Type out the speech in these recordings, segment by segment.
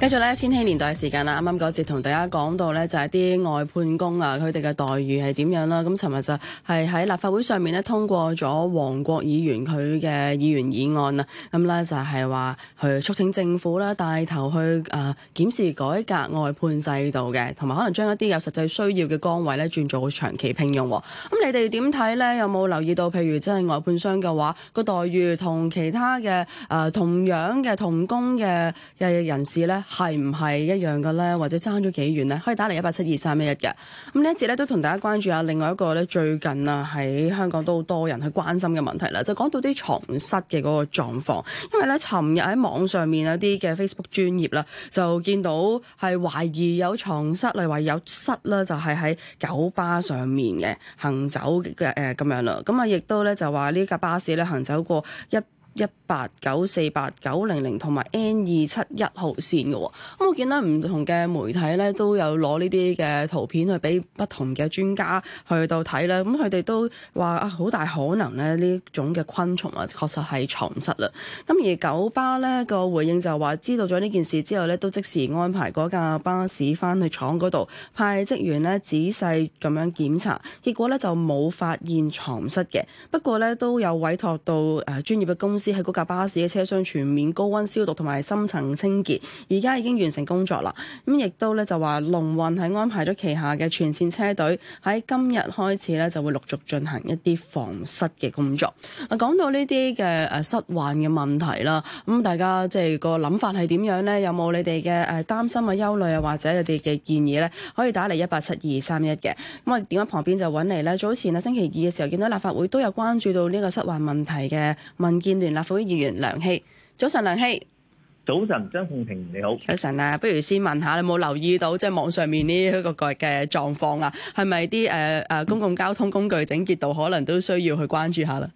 繼續咧，千禧年代嘅時間啦，啱啱嗰節同大家講到咧，就係、是、啲外判工啊，佢哋嘅待遇係點樣啦？咁尋日就係喺立法會上面咧通過咗黃國議員佢嘅議員議案啊，咁咧就係話去促請政府啦帶頭去啊、呃、檢視改革外判制度嘅，同埋可能將一啲有實際需要嘅崗位咧轉做長期聘用。咁你哋點睇咧？有冇留意到譬如真係外判商嘅話，個待遇同其他嘅、呃、同樣嘅同工嘅嘅人士咧？係唔係一樣嘅咧？或者爭咗幾遠呢？可以打嚟一八七二三一一嘅。咁呢一節咧都同大家關注下，另外一個咧最近啊喺香港都好多人去關心嘅問題啦，就講到啲床蝨嘅嗰個狀況。因為咧，尋日喺網上面有啲嘅 Facebook 專頁啦，就見到係懷疑有床蝨，係話有蝨啦，就係、是、喺九巴上面嘅行走嘅誒咁樣啦。咁啊，亦都咧就話呢架巴士咧行走過一一八九四八九零零同埋 N 二七一號綫嘅。哦，咁我見到唔同嘅媒體咧都有攞呢啲嘅圖片去俾不同嘅專家去到睇啦，咁佢哋都話啊好大可能咧呢種嘅昆蟲啊確實係床蝨啦。咁而九巴咧個回應就話知道咗呢件事之後咧都即時安排架巴士翻去廠度派職員咧仔細咁樣檢查，結果咧就冇發現床蝨嘅，不過咧都有委託到誒專、啊、業嘅公司。喺嗰架巴士嘅車廂全面高温消毒，同埋深層清潔，而家已經完成工作啦。咁亦都咧，就話龍運係安排咗旗下嘅全線車隊，喺今日開始咧，就會陸續進行一啲防蝨嘅工作。啊，講到呢啲嘅誒蝨患嘅問題啦，咁大家即係個諗法係點樣咧？有冇你哋嘅誒擔心啊、憂慮啊，或者你哋嘅建議咧？可以打嚟一八七二三一嘅咁啊，電話旁邊就揾嚟咧。早前啊，星期二嘅時候見到立法會都有關注到呢個蝨患問題嘅文件。立法會議員梁熙，早晨，梁熙。早晨，張鳳平你好。早晨啊，不如先問下你有冇留意到，即係網上面呢一個嘅狀況啊？係咪啲誒誒公共交通工具整潔度可能都需要去關注下啦？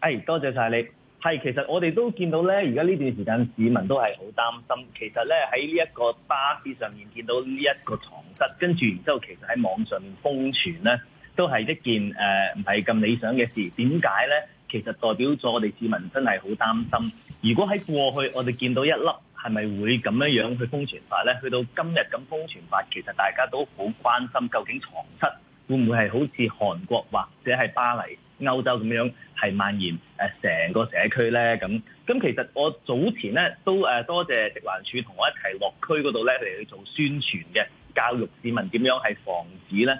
誒，多謝晒你。係，其實我哋都見到咧，而家呢段時間市民都係好擔心。其實咧喺呢一個巴士上面見到呢一個床蝨，跟住然之後，其實喺網上瘋傳咧，都係一件誒唔係咁理想嘅事。點解咧？其實代表咗我哋市民真係好擔心。如果喺過去我哋見到一粒，係咪會咁樣樣去瘋傳法咧？去到今日咁瘋傳法，其實大家都好關心，究竟床蝨會唔會係好似韓國或者係巴黎、歐洲咁樣，係蔓延誒成個社區咧？咁咁其實我早前咧都誒、呃、多謝食環署同我一齊落區嗰度咧嚟去做宣傳嘅，教育市民點樣係防止咧誒，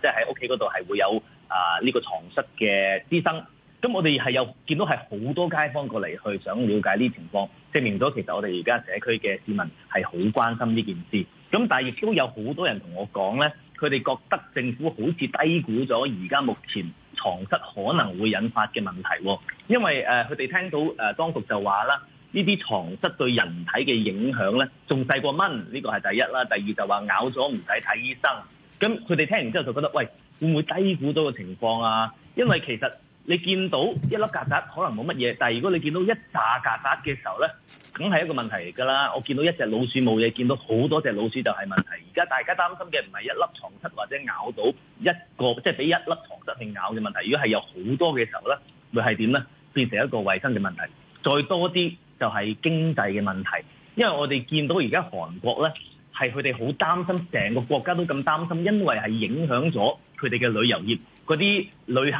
即係喺屋企嗰度係會有啊呢、呃這個床蝨嘅滋生。咁我哋係又見到係好多街坊過嚟去想了解呢情況，證明咗其實我哋而家社區嘅市民係好關心呢件事。咁但係亦都有好多人同我講呢佢哋覺得政府好似低估咗而家目前床蝨可能會引發嘅問題，哦。因為誒，佢、呃、哋聽到誒、呃、當局就話啦，呢啲床蝨對人體嘅影響呢，仲細過蚊。呢、這個係第一啦，第二就話咬咗唔使睇醫生。咁佢哋聽完之後就覺得，喂，會唔會低估咗個情況啊？因為其實。你見到一粒曱甴可能冇乜嘢，但係如果你見到一揸曱甴嘅時候咧，梗係一個問題嚟㗎喇。我見到一隻老鼠冇嘢，見到好多隻老鼠就係問題。而家大家擔心嘅唔係一粒床蝨或者咬到一個，即係俾一粒床蝨去咬嘅問題。如果係有好多嘅時候咧，會係點咧？變成一個衞生嘅問題。再多啲就係經濟嘅問題，因為我哋見到而家韓國咧係佢哋好擔心，成個國家都咁擔心，因為係影響咗佢哋嘅旅遊業嗰啲旅客，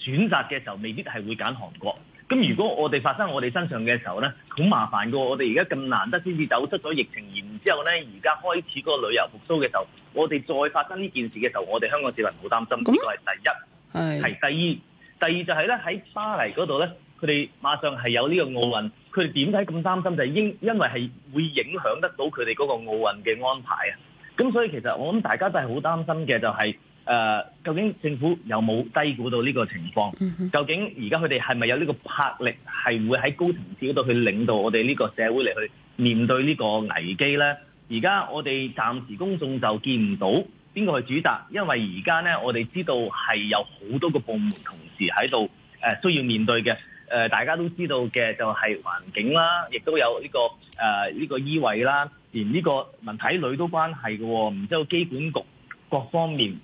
選擇嘅時候未必係會揀韓國，咁如果我哋發生我哋身上嘅時候咧，好麻煩噶。我哋而家咁難得先至走出咗疫情，然之後咧，而家開始嗰個旅遊復甦嘅時候，我哋再發生呢件事嘅時候，我哋香港市民好擔心。呢個係第一，係、嗯、第二，第二就係咧喺巴黎嗰度咧，佢哋馬上係有呢個奧運，佢哋點解咁擔心就係、係、因因為係會影響得到佢哋嗰個奧運嘅安排啊。咁所以其實我諗大家都係好擔心嘅、就係，就係。誒，uh, 究竟政府有冇低估到呢個情況？Mm hmm. 究竟而家佢哋係咪有呢個魄力，係會喺高層次嗰度去領導我哋呢個社會嚟去面對呢個危機咧？而家我哋暫時公眾就見唔到邊個去主達，因為而家咧我哋知道係有好多個部門同時喺度誒需要面對嘅。誒、呃、大家都知道嘅就係環境啦，亦都有呢、這個誒呢、呃這個醫衛啦，連呢個文體旅都關係嘅喎、哦，然之後機管局各方面。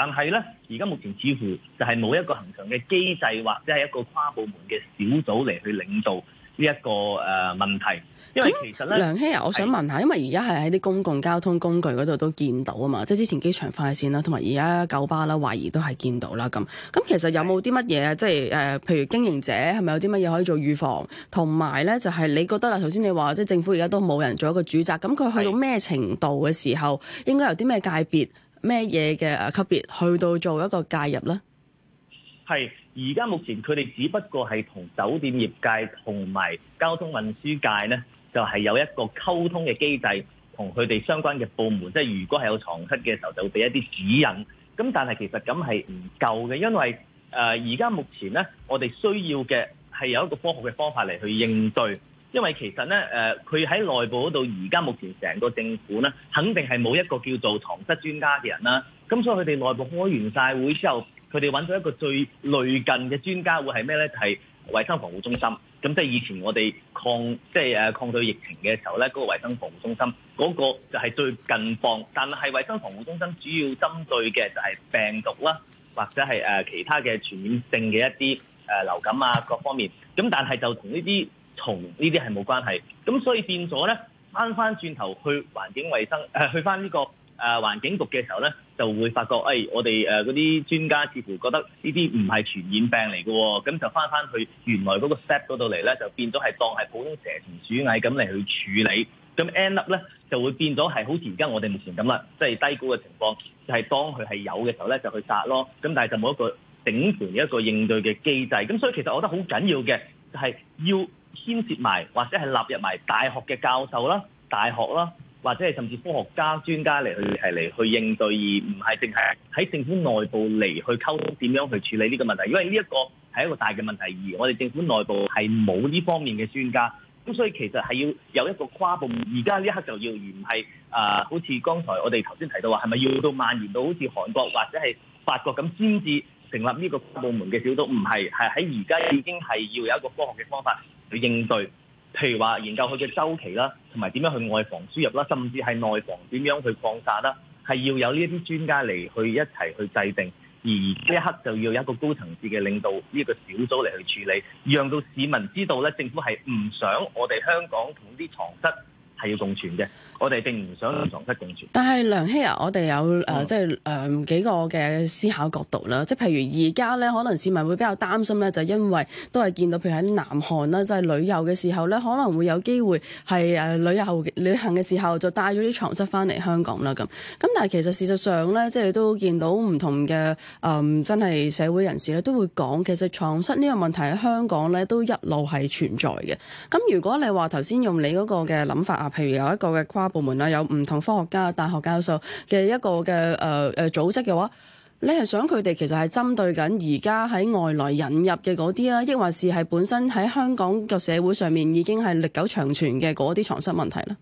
但係咧，而家目前似乎就係冇一個恆常嘅機制，或者係一個跨部門嘅小組嚟去領導呢一個誒問題。咁、嗯，梁熙兄，是我想問下，因為而家係喺啲公共交通工具嗰度都見到啊嘛，即係之前機場快線啦，同埋而家九巴啦，懷疑都係見到啦。咁咁，其實有冇啲乜嘢？即係誒，譬如經營者係咪有啲乜嘢可以做預防？同埋咧，就係你覺得啊，頭先你話即係政府而家都冇人做一個主責，咁佢去到咩程度嘅時候，是應該有啲咩界別？咩嘢嘅啊級別去到做一個介入咧？係而家目前佢哋只不過係同酒店業界同埋交通運輸界咧，就係有一個溝通嘅機制，同佢哋相關嘅部門。即係如果係有床蝨嘅時候，就會俾一啲指引。咁但係其實咁係唔夠嘅，因為誒而家目前咧，我哋需要嘅係有一個科學嘅方法嚟去應對。因為其實咧，誒佢喺內部嗰度，而家目前成個政府咧，肯定係冇一個叫做藏室專家嘅人啦。咁所以佢哋內部開完晒會之後，佢哋揾到一個最類近嘅專家會係咩咧？就係衞生防護中心。咁即係以前我哋抗即係誒抗對疫情嘅時候咧，嗰個衞生防護中心嗰個就係最近況。但係衞生防護中心主要針對嘅就係病毒啦，或者係誒其他嘅傳染性嘅一啲誒流感啊各方面。咁但係就同呢啲。同呢啲係冇關係，咁所以變咗咧，翻翻轉頭去環境衛生誒、啊，去翻呢、這個誒、啊、環境局嘅時候咧，就會發覺誒、哎，我哋誒嗰啲專家似乎覺得呢啲唔係傳染病嚟嘅、哦，咁就翻翻去原來嗰個 Step 嗰度嚟咧，就變咗係當係普通蛇蟲鼠蟻咁嚟去處理，咁 end up 咧就會變咗係好似而家我哋目前咁啦，即、就、係、是、低估嘅情況，係、就是、當佢係有嘅時候咧就去殺咯，咁但係就冇一個頂盤嘅一個應對嘅機制，咁所以其實我覺得好緊要嘅係、就是、要。牽涉埋或者係納入埋大學嘅教授啦、大學啦，或者係甚至科學家、專家嚟去係嚟去應對，而唔係淨係喺政府內部嚟去溝通點樣去處理呢個問題。因為呢一個係一個大嘅問題，而我哋政府內部係冇呢方面嘅專家，咁所以其實係要有一個跨部門，而家呢刻就要，而唔係啊，好似剛才我哋頭先提到話，係咪要到蔓延到好似韓國或者係法國咁先至成立呢個部門嘅小組？唔係，係喺而家已經係要有一個科學嘅方法。去應對，譬如話研究佢嘅周期啦，同埋點樣去外防輸入啦，甚至係內防點樣去擴散啦，係要有呢一啲專家嚟去一齊去制定，而呢一刻就要有一個高層次嘅領導呢一個小組嚟去處理，讓到市民知道咧，政府係唔想我哋香港同啲床蝨係要共存嘅。我哋並唔想床蝨共存。嗯，但係梁熙啊，我哋有誒，即係誒幾個嘅思考角度啦。即係譬如而家咧，可能市民會比較擔心咧，就因為都係見到，譬如喺南韓啦，即、就、係、是、旅遊嘅時候咧，可能會有機會係誒、呃、旅遊旅行嘅時候就帶咗啲床蝨翻嚟香港啦。咁咁，但係其實事實上咧，即係都見到唔同嘅誒、呃、真係社會人士咧都會講，其實床蝨呢個問題喺香港咧都一路係存在嘅。咁如果你話頭先用你嗰個嘅諗法啊，譬如有一個嘅跨部門啦，有唔同科學家、大學教授嘅一個嘅誒誒組織嘅話，你係想佢哋其實係針對緊而家喺外來引入嘅嗰啲啊，抑或是係本身喺香港嘅社會上面已經係歷久長存嘅嗰啲床蝨問題咧？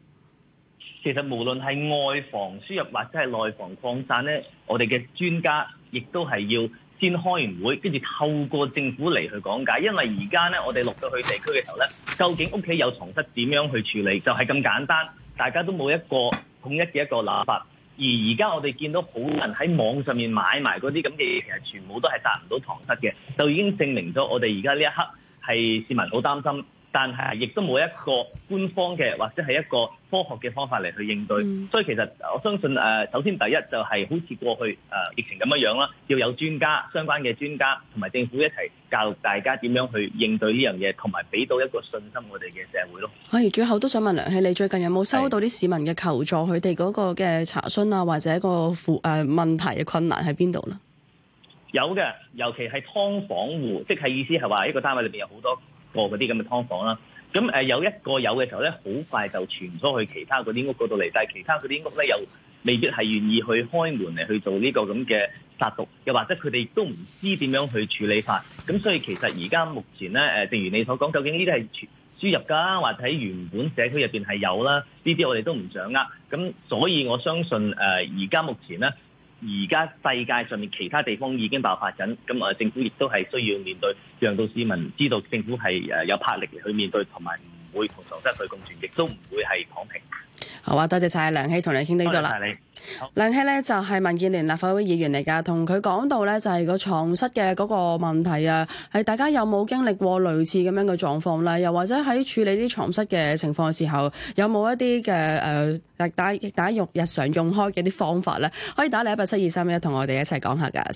其實無論係外防輸入或者係內防擴散咧，我哋嘅專家亦都係要先開完會，跟住透過政府嚟去講解，因為而家咧我哋落到去地區嘅時候咧，究竟屋企有床蝨點樣去處理，就係、是、咁簡單。大家都冇一個統一嘅一個諗法，而而家我哋見到好多人喺網上面買埋嗰啲咁嘅嘢，其實全部都係達唔到床蝨嘅，就已經證明咗我哋而家呢一刻係市民好擔心，但係亦都冇一個官方嘅或者係一個科學嘅方法嚟去應對。嗯、所以其實我相信誒首先第一就係好似過去誒疫情咁樣樣啦，要有專家相關嘅專家同埋政府一齊。教育大家點樣去應對呢樣嘢，同埋俾到一個信心我哋嘅社會咯。啊，而最後都想問梁熙，你最近有冇收到啲市民嘅求助？佢哋嗰個嘅查詢啊，或者一個負誒、呃、問題嘅困難喺邊度啦？有嘅，尤其係㓥房戶，即係意思係話一個單位裏邊有好多個嗰啲咁嘅劏房啦。咁誒有一個有嘅時候咧，好快就傳咗去其他嗰啲屋嗰度嚟，但係其他嗰啲屋咧又未必係願意去開門嚟去做呢個咁嘅。殺毒又或者佢哋都唔知點樣去處理法，咁所以其實而家目前呢，誒正如你所講，究竟呢啲係輸入㗎啦，或者喺原本社區入邊係有啦，呢啲我哋都唔掌握。咁所以我相信誒，而家目前呢，而家世界上面其他地方已經爆發緊，咁啊政府亦都係需要面對，讓到市民知道政府係誒有魄力去面對同埋。會同床蝨佢共存，亦都唔會係躺平。好啊，多謝晒梁希同你傾呢度啦。多謝你，好，梁希呢，就係、是、民建聯立法會議員嚟噶。同佢講到呢，就係、是、個床蝨嘅嗰個問題啊，係大家有冇經歷過類似咁樣嘅狀況咧？又或者喺處理啲床蝨嘅情況嘅時候，有冇一啲嘅誒打打打用日常用開嘅啲方法呢？可以打嚟一八七二三一，同我哋一齊講下噶。